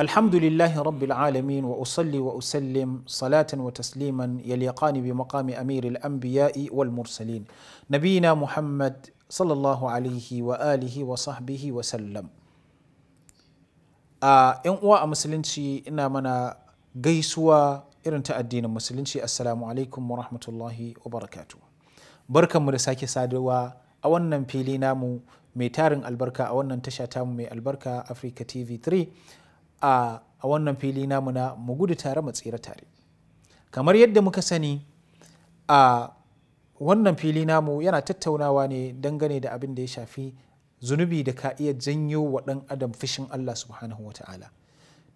الحمد لله رب العالمين واصلي واسلم صلاه وتسليما يليقان بمقام امير الانبياء والمرسلين نبينا محمد صلى الله عليه واله وصحبه وسلم a yan uwa a musulunci ina mana gaisuwa irin ta addinin musulunci assalamu alaikum wa rahmatullahi wa barakatu barkanmu da sake sadarwa a wannan fili namu mai tarin albarka a wannan tasha tamu mai albarka africa tv 3 a wannan fili namu na mu gudu tare mu tsira tare kamar yadda muka sani a wannan fili namu yana tattaunawa ne dangane da abin da ya shafi zunubi da ka iya janyo wa ɗan adam fishin Allah subhanahu wa ta'ala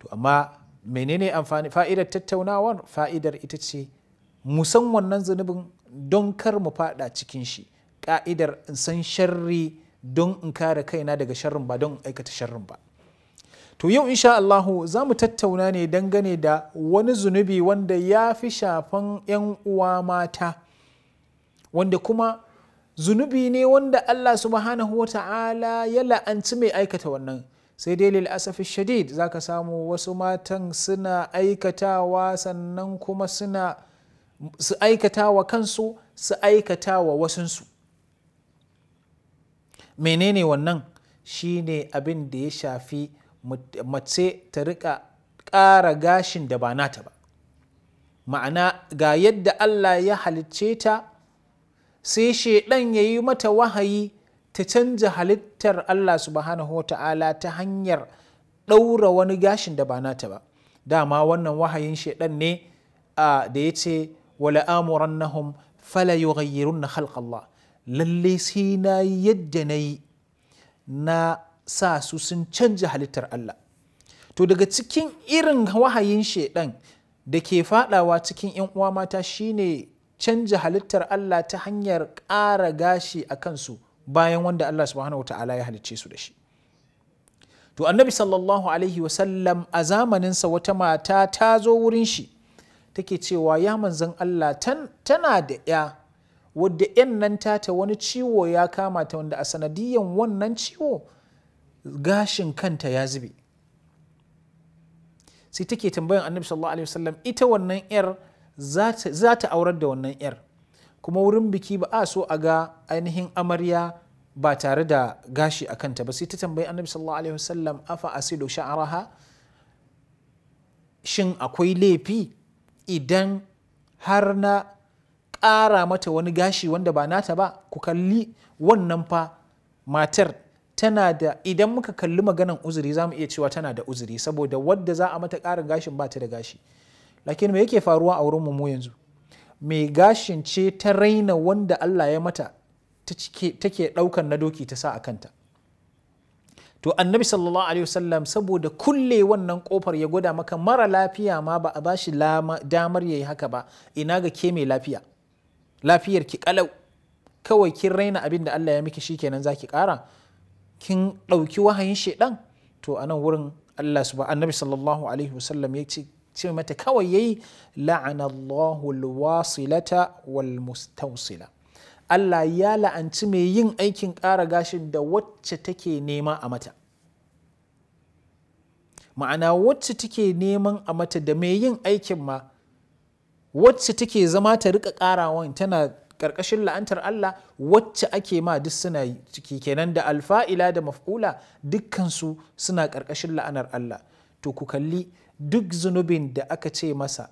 to amma menene amfani fa'idar tattaunawar fa'idar ita ce mu san wannan zunubin don kar mu fada cikin shi ka'idar in san sharri don in kare kaina daga sharrin ba don in aikata sharrin ba to yau insha Allahu za mu tattauna ne dangane da wani zunubi wanda ya fi shafan 'yan uwa mata wanda kuma zunubi ne wanda Allah subhanahu wa ta'ala ya la'anci mai aikata wannan sai dai lil'asafi shadid za ka samu wasu matan suna aikatawa sannan kuma suna su aikatawa kansu su aikatawa wasunsu menene wannan shine abin da ya shafi mace ta rika ƙara gashin da ba nata ba ma'ana ga yadda Allah ya halicce ta sai shaidan ya yi mata wahayi ta canza halittar Allah subhanahu ta'ala ta hanyar ɗaura wani gashin da ba nata ba dama wannan wahayin shaidan ne da ya ce wala amurannahum fala yughayyirunna khalqa Allah lalle sai na yadda na yi na sa su sun canja halittar Allah to daga cikin irin wahayin shaidan da ke fadawa cikin 'yan uwa mata shine canja halittar Allah ta hanyar ƙara gashi a kansu bayan wanda Allah subhanahu wa ta'ala ya halicce su da shi to annabi sallallahu alaihi wasallam a zamaninsa wata mata ta zo wurin shi take cewa ya manzan Allah tana da ya wadda 'yan nan ta wani ciwo ya kama ta wanda a sanadiyan wannan ciwo gashin kanta ya zube sai take tambayan annabi sallallahu alaihi wasallam ita wannan yar za ta aurar da wannan yar kuma wurin biki ba a so a ga ainihin amarya ba tare da gashi a kanta ba sai ta tambayi annabi sallallahu alaihi wasallam afa asidu sha'araha shin akwai laifi idan har na ƙara mata wani gashi wanda ba nata ba ku kalli wannan fa matar tana da idan muka kalli maganan uzuri za mu iya cewa tana da uzuri saboda wadda za a mata ƙarin gashin ba ta da gashi lakin me yake faruwa a wurin mu yanzu mai gashin ce ta raina wanda Allah ya mata take ɗaukan na doki ta sa a kanta to annabi sallallahu alaihi wasallam saboda kulle wannan kofar ya gwada maka mara lafiya ma ba a bashi damar yayi haka ba ina ga ke mai lafiya lafiyar ki kalau kawai kin raina abin da Allah ya miki shikenan zaki kara kin ɗauki wahayin shaidan to a nan wurin Allah ba annabi sallallahu alaihi wasallam ya ce mata kawai yayi la'ana Allahu alwasilata wal Allah ya la'anci mai yin aikin ƙara gashin da wacce take nema a mata ma'ana wacce take neman a mata da mai yin aikin ma wacce take zama ta rika ƙarawan tana karkashin la'antar Allah wacce ake ma duk suna ciki kenan da alfa'ila da maf'ula dukkansu suna karkashin la'anar Allah to ku kalli duk zunubin da aka ce masa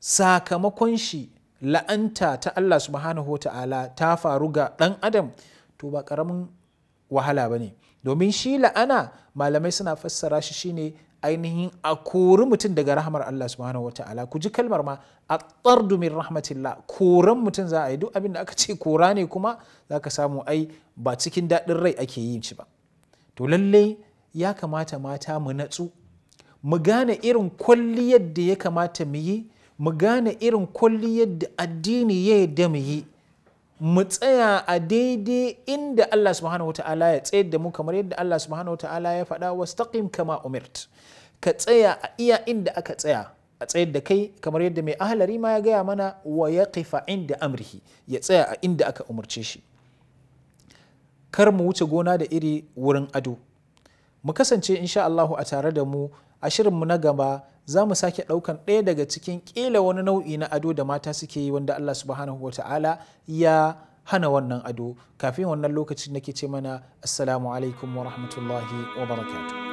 sakamakon shi la'anta ta Allah subhanahu ta'ala ta faru ga ɗan adam to ba ƙaramin wahala ba ne domin shi la'ana malamai suna fassara shi shine ainihin a kori mutum daga rahmar Allah subhanahu wa ta'ala ku ji kalmar ma a tsardu min rahmatillah koran mutum za a yi duk abin da aka ce kora ne kuma za ka samu ai ba cikin daɗin rai ake yi shi ba to lallai ya kamata mata mu natsu mu gane irin kwalliyar da ya kamata mu yi mu gane irin kwalliyar da addini ya yarda mu yi mu tsaya a daidai inda Allah subhanahu wa ta'ala ya tsayar da mu kamar yadda Allah subhanahu wa ta'ala ya faɗa wastaqim kama umirt ka tsaya a iya inda aka tsaya a tsayar da kai kamar yadda mai ahalari ma ya gaya mana wa ya kifa inda amrihi ya tsaya a inda aka umarce shi kar mu wuce gona da iri wurin ado mu kasance insha'allahu a tare da mu a shirin mu na gaba za mu sake ɗaukan ɗaya daga cikin ƙila wani nau'i na ado da mata suke yi wanda Allah subhanahu wa ta'ala ya hana wannan ado kafin wannan lokacin nake ce mana assalamu alaikum wa rahmatullahi wa barakatuh